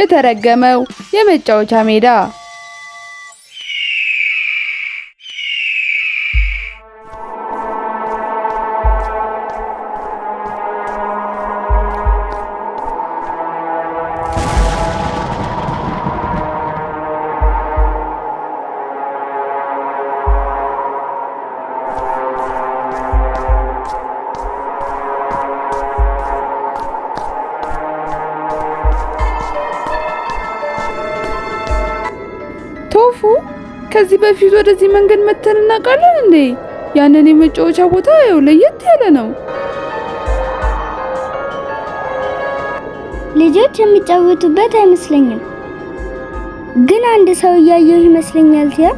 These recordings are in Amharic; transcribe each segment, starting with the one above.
የተረገመው የመጫወቻ ሜዳ ከዚህ በፊት ወደዚህ መንገድ መተን እናውቃለን እንዴ? ያንን የመጫወቻ ቦታ ያው ለየት ያለ ነው። ልጆች የሚጫወቱበት አይመስለኝም፣ ግን አንድ ሰው እያየው ይመስለኛል። ሲያ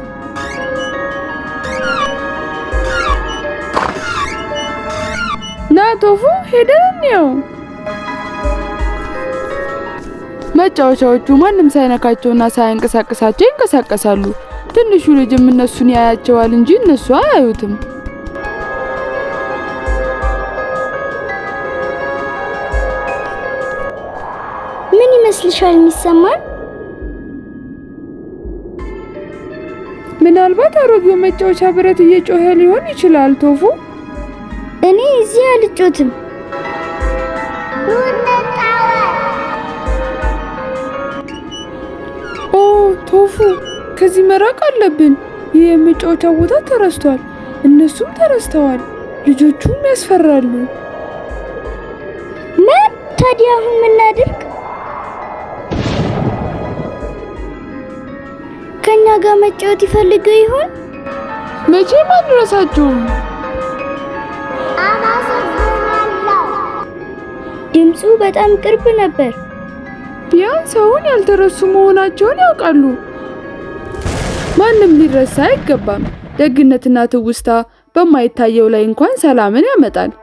ና ቶፉ ሄደን ያው መጫወቻዎቹ ማንም ሳይነካቸውና ሳይንቀሳቀሳቸው ይንቀሳቀሳሉ። ትንሹ ልጅም እነሱን ያያቸዋል እንጂ እነሱ አያዩትም። ምን ይመስልሻል የሚሰማን? ምናልባት አሮጌው መጫወቻ ብረት እየጮኸ ሊሆን ይችላል። ቶፉ፣ እኔ እዚህ አልጮትም። ቶፉ ከዚህ መራቅ አለብን። ይህ የመጫወቻ ቦታ ተረስቷል። እነሱም ተረስተዋል። ልጆቹም ያስፈራሉ። ምን ታዲያ አሁን ምናድርግ? ከእኛ ጋር መጫወት ይፈልገ ይሆን? መቼም አንረሳችሁም። ድምፁ በጣም ቅርብ ነበር። ቢያንስ ሰውን ያልተረሱ መሆናቸውን ያውቃሉ። ማንም ሊረሳ አይገባም። ደግነትና ትውስታ በማይታየው ላይ እንኳን ሰላምን ያመጣል።